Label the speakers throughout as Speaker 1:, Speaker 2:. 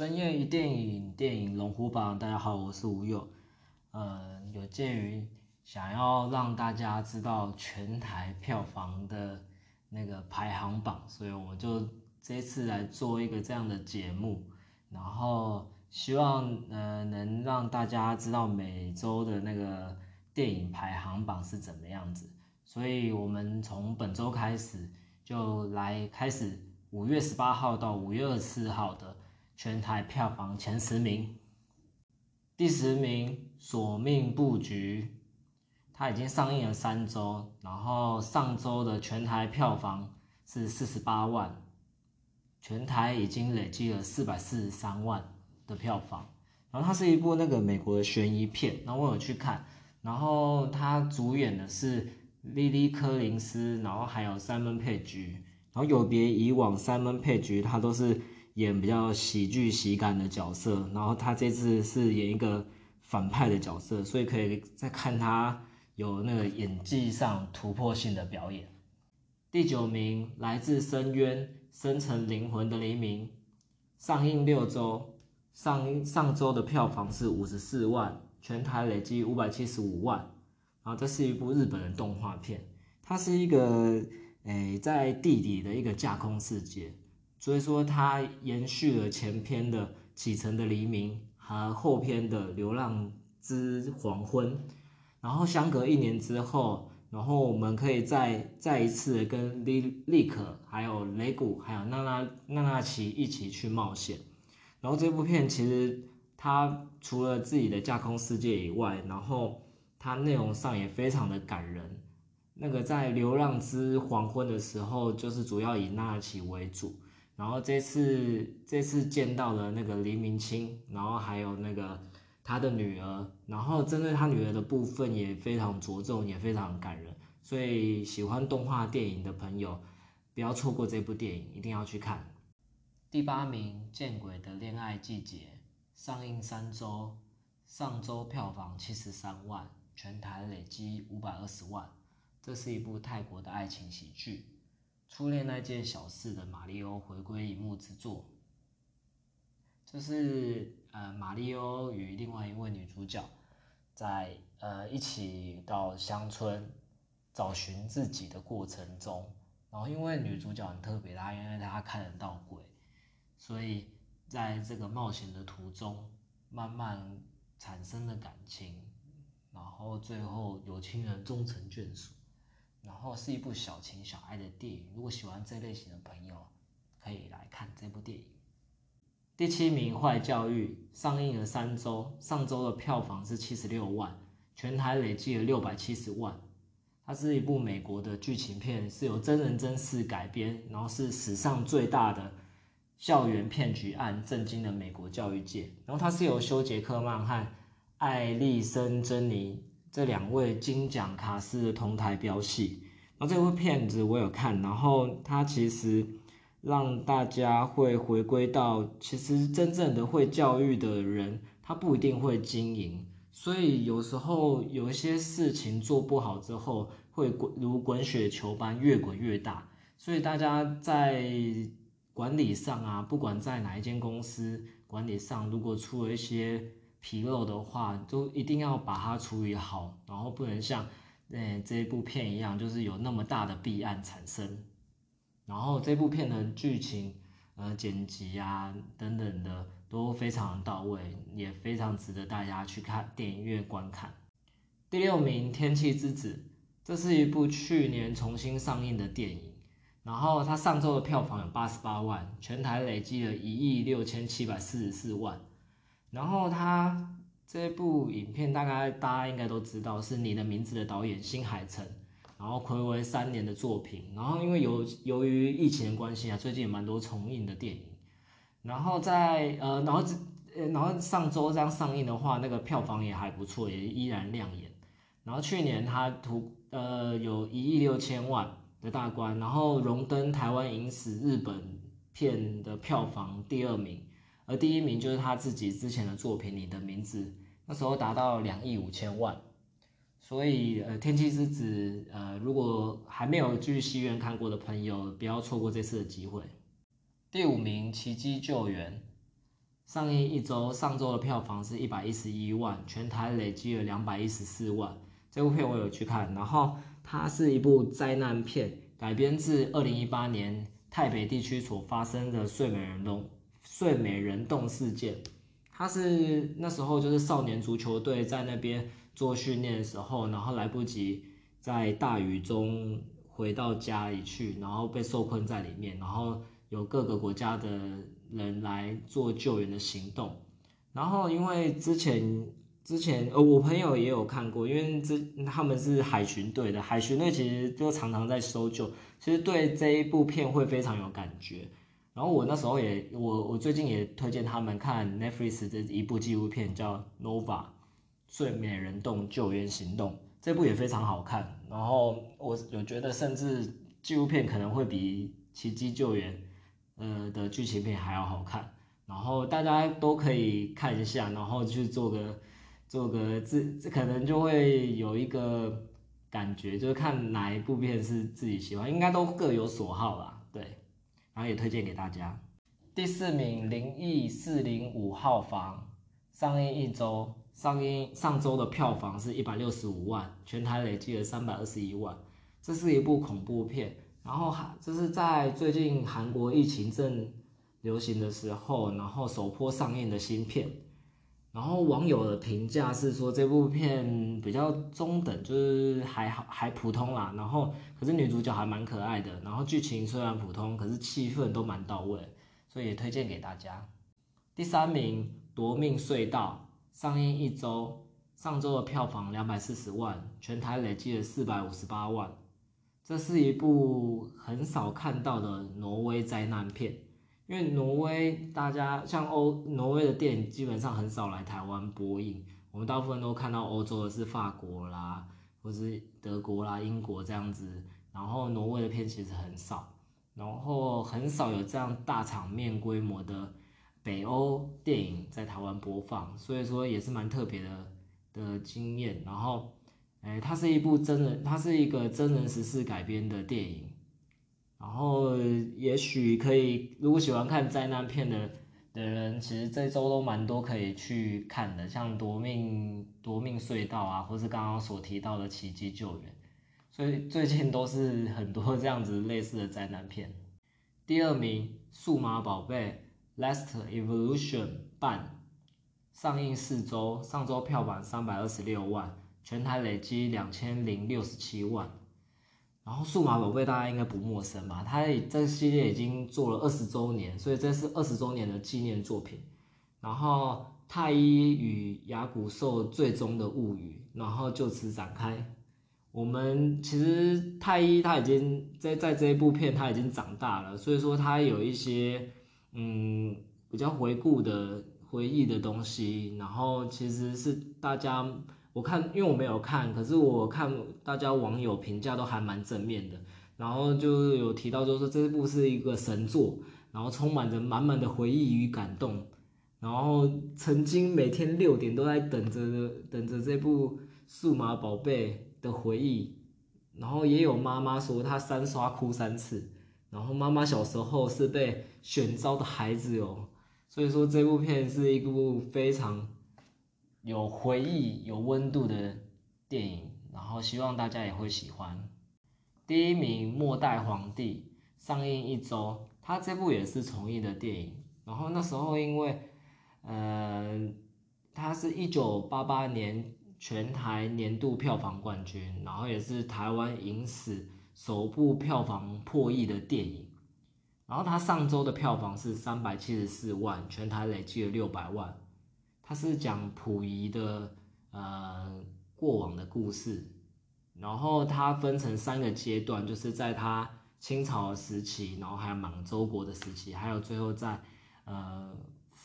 Speaker 1: 深夜一電影電影龍虎榜，大家好，我是吳佑。呃，有鑑於想要讓大家知道全台票房的那個排行榜，所以我就這次來做一個這樣的節目，然後希望呃能讓大家知道每周的那個電影排行榜是怎麼樣子。所以我們從本周開始就來開始五月十八號到五月二十四號的。全台票房前十名，第十名《鎖命佈局》，它已經上映了三周，然後上周的全台票房是四十八萬，全台已經累積了四百四十三萬的票房。然後它是一部那個美國的懸疑片，那我有去看，然後它主演的是莉莉柯林斯，然後還有賽門佩吉，然後有別以往賽門佩吉，他都是。演比較喜劇、喜感的角色，然後他這次是演一個反派的角色，所以可以再看他有那個演技上突破性的表演。第九名，《來自深淵：深沉靈魂的黎明》，上映六周，上上周的票房是五十四萬，全台累積五百七十五萬。然後這是一部日本的動畫片，它是一個誒、欸、在地底的一個架空世界。所以說，它延續了前篇的《啟程的黎明》和後篇的《流浪之黃昏》，然後相隔一年之後，然後我們可以再再一次跟利利可、還有雷古、還有娜娜娜娜奇一起去冒險。然後這部片其實它除了自己的架空世界以外，然後它內容上也非常的感人。那個在《流浪之黃昏》的時候，就是主要以娜娜奇為主。然後這次這次見到了那個黎明卿，然後還有那個他的女兒，然後針對他女兒的部分也非常着重，也非常感人，所以喜歡動畫電影的朋友不要錯過這部電影，一定要去看。第八名，《見鬼的戀愛季節》上映三周，上周票房七十三萬，全台累積五百二十萬。這是一部泰國的愛情喜劇。初戀那件小事的馬里歐回歸熒幕之作，就是呃，馬里歐與另外一位女主角在、在呃一起到鄉村找尋自己的過程中，然後因為女主角很特別，她因為她看得到鬼，所以在這個冒險的途中慢慢產生了感情，然後最後有情人終成眷屬。然後是一部小情小愛的電影，如果喜歡這類型的朋友，可以來看這部電影。第七名《壞教育》上映了三周，上周的票房是七十六萬，全台累計了六百七十萬。它是一部美國的劇情片，是由真人真事改編，然後是史上最大的校園騙局案，震驚了美國教育界。然後它是由休傑克曼和艾莉森珍妮。這兩位金獎卡司的同台飆戲，那、啊、後這部片子我有看，然後它其實讓大家會回歸到，其實真正的會教育的人，他不一定會經營，所以有時候有一些事情做不好之後，會滾如滾雪球般越滾越大，所以大家在管理上啊，不管在哪一間公司管理上，如果出了一些。紕漏的話，就一定要把它處理好，然後不能像，呃、欸，這部片一樣，就是有那麼大的弊案產生。然後這部片的劇情，呃，剪輯啊等等的都非常到位，也非常值得大家去看電影院觀看。第六名，《天氣之子》，這是一部去年重新上映的電影，然後它上周的票房有八十八萬，全台累積了一億六千七百四十四萬。然後他這部影片大概大家應該都知道，是你的名字的導演新海誠，然後暌違三年的作品。然後因為由由於疫情的關係啊，最近也蠻多重映的電影。然後在呃，然後這呃，然後上周這樣上映的話，那個票房也還不錯，也依然亮眼。然後去年他圖呃有一億六千萬的大關，然後榮登台灣影史日本片的票房第二名。而第一名就是他自己之前的作品《你的名字》，那時候達到兩億五千萬，所以呃，天氣之子呃，如果還沒有去戲院看過的朋友，不要錯過這次的機會。第五名《奇蹟救援》上，上映一周，上周的票房是一百一十一萬，全台累計了兩百一十四萬。這部片我有去看，然後它是一部災難片，改編自二零一八年泰北地區所發生的睡美人洞睡美人洞事件，它是那時候就是少年足球隊在那邊做訓練的時候，然後來不及在大雨中回到家裡去，然後被受困在裡面，然後有各個國家的人來做救援的行動。然後因為之前，之前，呃、哦，我朋友也有看過，因為之他們是海巡隊的，海巡隊其實就常常在搜救，其實對這一部片會非常有感覺。然後我那時候也，我我最近也推薦他們看 Netflix 這一部紀錄片，叫《Nova：睡美人洞救援行動》，這部也非常好看。然後我我覺得，甚至紀錄片可能會比《奇蹟救援》呃的劇情片還要好看。然後大家都可以看一下，然後去做個做個自，這可能就會有一個感覺，就是看哪一部片是自己喜歡，應該都各有所好吧？對。然後也推薦給大家。第四名《靈異四零五號房》，上映一周，上映上周的票房是一百六十五萬，全台累積了三百二十一萬。這是一部恐怖片，然後還，這是在最近韓國疫情正流行的時候，然後首波上映的新片。然後網友的評價是說這部片比較中等，就是還好還普通啦。然後可是女主角還蠻可愛的，然後劇情雖然普通，可是氣氛都蠻到位，所以也推薦給大家。第三名《奪命隧道》上映一周，上周的票房兩百四十萬，全台累積了四百五十八萬。這是一部很少看到的挪威災難片。因為挪威，大家像歐，挪威的電影基本上很少來台灣播映。我們大部分都看到歐洲的是法國啦，或是德國啦、英國這樣子。然後挪威的片其實很少，然後很少有這樣大場面規模的北歐電影在台灣播放，所以說也是蠻特別的的經驗。然後，哎、欸，它是一部真人，它是一個真人實事改編的電影。然後也許可以，如果喜歡看災難片的的人，其實這周都蠻多可以去看的，像《奪命奪命隧道》啊，或是剛剛所提到的《奇蹟救援》，所以最近都是很多這樣子類似的災難片。第二名，《數碼寶貝：Last Evolution》絆上映四周，上周票房三百二十六萬，全台累積兩千零六十七萬。然後數碼寶貝大家應該不陌生吧？它這系列已經做了二十周年，所以這是二十周年的紀念作品。然後太一與亞古獸最終的物語，然後就此展開。我們其實太一他已經在在這一部片他已經長大了，所以說他有一些嗯比較回顧的回憶的東西。然後其實是大家。我看，因為我沒有看，可是我看大家網友評價都還蠻正面的，然後就有提到，就是這部是一個神作，然後充滿着滿滿的回憶與感動，然後曾經每天六點都在等着，等着這部《數碼寶貝》的回憶，然後也有媽媽說她三刷哭三次，然後媽媽小時候是被選召的孩子哦，所以說這部片是一部非常。有回憶、有溫度的電影，然後希望大家也會喜歡。第一名《末代皇帝》上映，一周，它這部也是重映的電影。然後那時候因為，呃，它是一九八八年全台年度票房冠軍，然後也是台灣影史首部票房破億的電影。然後它上周的票房是三百七十四萬，全台累計了六百萬。它是講溥儀的呃、過往的故事，然後它分成三個階段，就是在他清朝的時期，然後還有滿洲國的時期，還有最後在呃、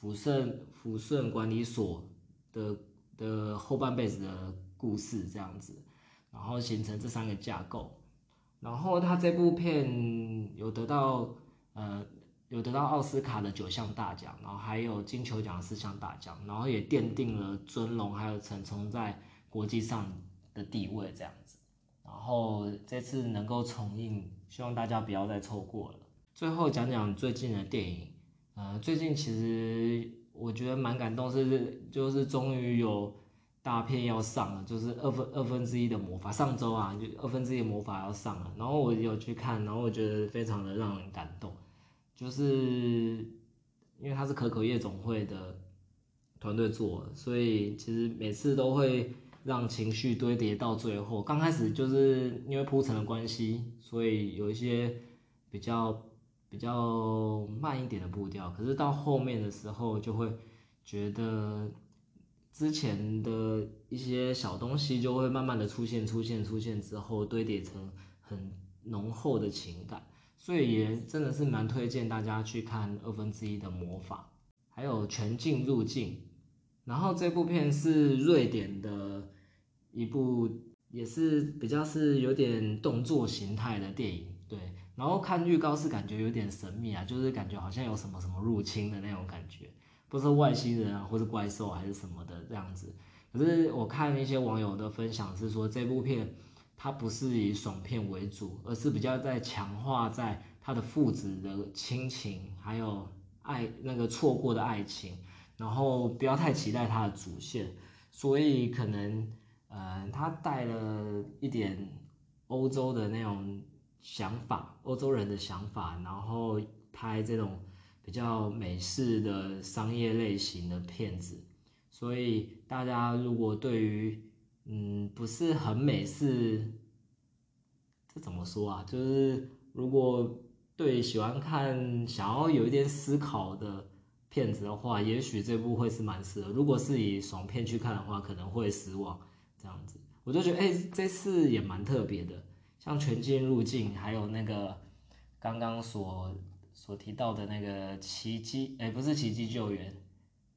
Speaker 1: 撫順撫順管理所的的後半輩子的故事這樣子，然後形成這三個架構，然後他這部片有得到呃。有得到奧斯卡的九項大獎，然後還有金球獎四項大獎，然後也奠定了尊龍還有陳沖在國際上的地位這樣子。然後這次能夠重映，希望大家不要再錯過了。最後講講最近的電影，呃，最近其實我覺得蠻感動，是就是終於有大片要上了，就是二分二分之一的魔法，上週啊，就二分之一的魔法要上了。然後我有去看，然後我覺得非常的讓人感動。就是因為他是可可夜總會的團隊做的，所以其實每次都會讓情緒堆疊到最後。剛開始就是因為鋪陳的關係，所以有一些比較比較慢一點的步調。可是到後面的時候，就會覺得之前的一些小東西就會慢慢的出現、出現、出現之後，堆疊成很濃厚的情感。所以也真的是蠻推薦大家去看《二分之一的魔法》，還有《全境入侵》。然後這部片是瑞典的一部，也是比較是有點動作形態的電影。對，然後看預告是感覺有點神秘啊，就是感覺好像有什麼什麼入侵的那種感覺，不是外星人啊，或是怪獸還是什麼的這樣子。可是我看一些網友的分享是說這部片。他不是以爽片為主，而是比較在強化在他的父子的親情，還有愛那個錯過的愛情，然後不要太期待他的主線，所以可能，嗯，呃，他帶了一點歐洲的那種想法，歐洲人的想法，然後拍這種比較美式的商業類型的片子，所以大家如果對於。嗯，不是很美式，是這怎麼說啊？就是如果對喜歡看、想要有一點思考的片子的話，也許這部會是蠻適合。如果是以爽片去看的話，可能會失望。這樣子，我就覺得，哎、欸，這次也蠻特別的，像《全境入境》，還有那個剛剛所所提到的那個《奇蹟》，欸，哎，不是《奇蹟救援》。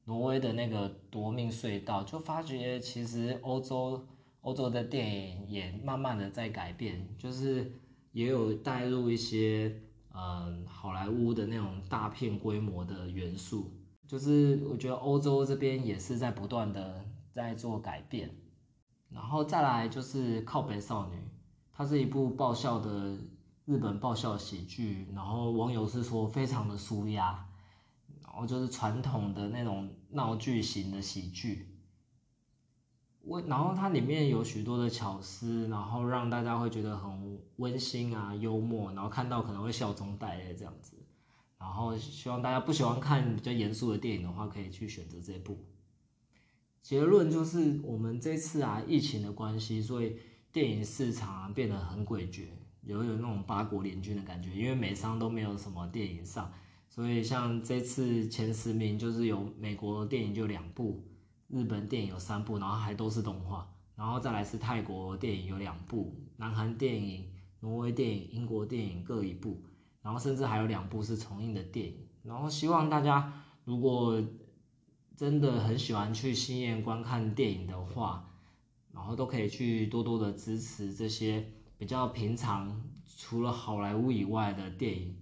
Speaker 1: 挪威的那個奪命隧道，就發覺其實歐洲歐洲的電影也慢慢的在改變，就是也有帶入一些嗯好萊塢的那種大片規模的元素，就是我覺得歐洲這邊也是在不斷的在做改變，然後再來就是靠北少女，它是一部爆笑的日本爆笑喜劇，然後網友是說非常的舒壓。然後就是傳統的那種鬧劇型的喜劇，我然後它裡面有許多的巧思，然後讓大家會覺得很溫馨啊、幽默，然後看到可能會笑中帶淚這樣子。然後希望大家不喜歡看比較嚴肅的電影的話，可以去選擇這部。結論就是我們這次啊疫情的關係，所以電影市場啊變得很詭譎，有點那種八國聯軍的感覺，因為美商都沒有什麼電影上。所以像這次前十名就是有美國電影，就兩部，日本電影有三部，然後還都是動畫，然後再來是泰國電影有兩部，南韓電影、挪威電影、英國電影各一部，然後甚至還有兩部是重映的電影。然後希望大家如果真的很喜歡去戲院觀看電影的話，然後都可以去多多的支持這些比較平常除了好萊塢以外的電影。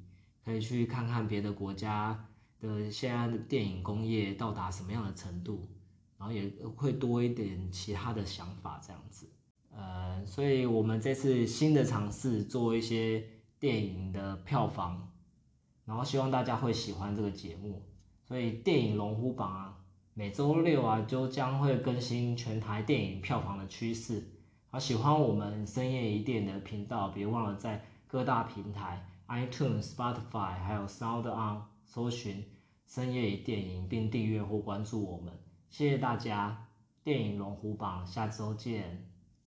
Speaker 1: 可以去看看別的國家的現在的電影工業到達什麼樣的程度，然後也會多一點其他的想法這樣子。呃、嗯，所以我們這次新的嘗試做一些電影的票房，然後希望大家會喜歡這個節目。所以電影龍虎榜啊，每周六啊就將會更新全台電影票房的趨勢。好、啊，喜歡我們深夜一點的頻道，別忘了在各大平台。iTunes、Spotify，還有 SoundOn，搜尋深夜電影，並訂閱或關注我們。謝謝大家，電影龍虎榜，下週見。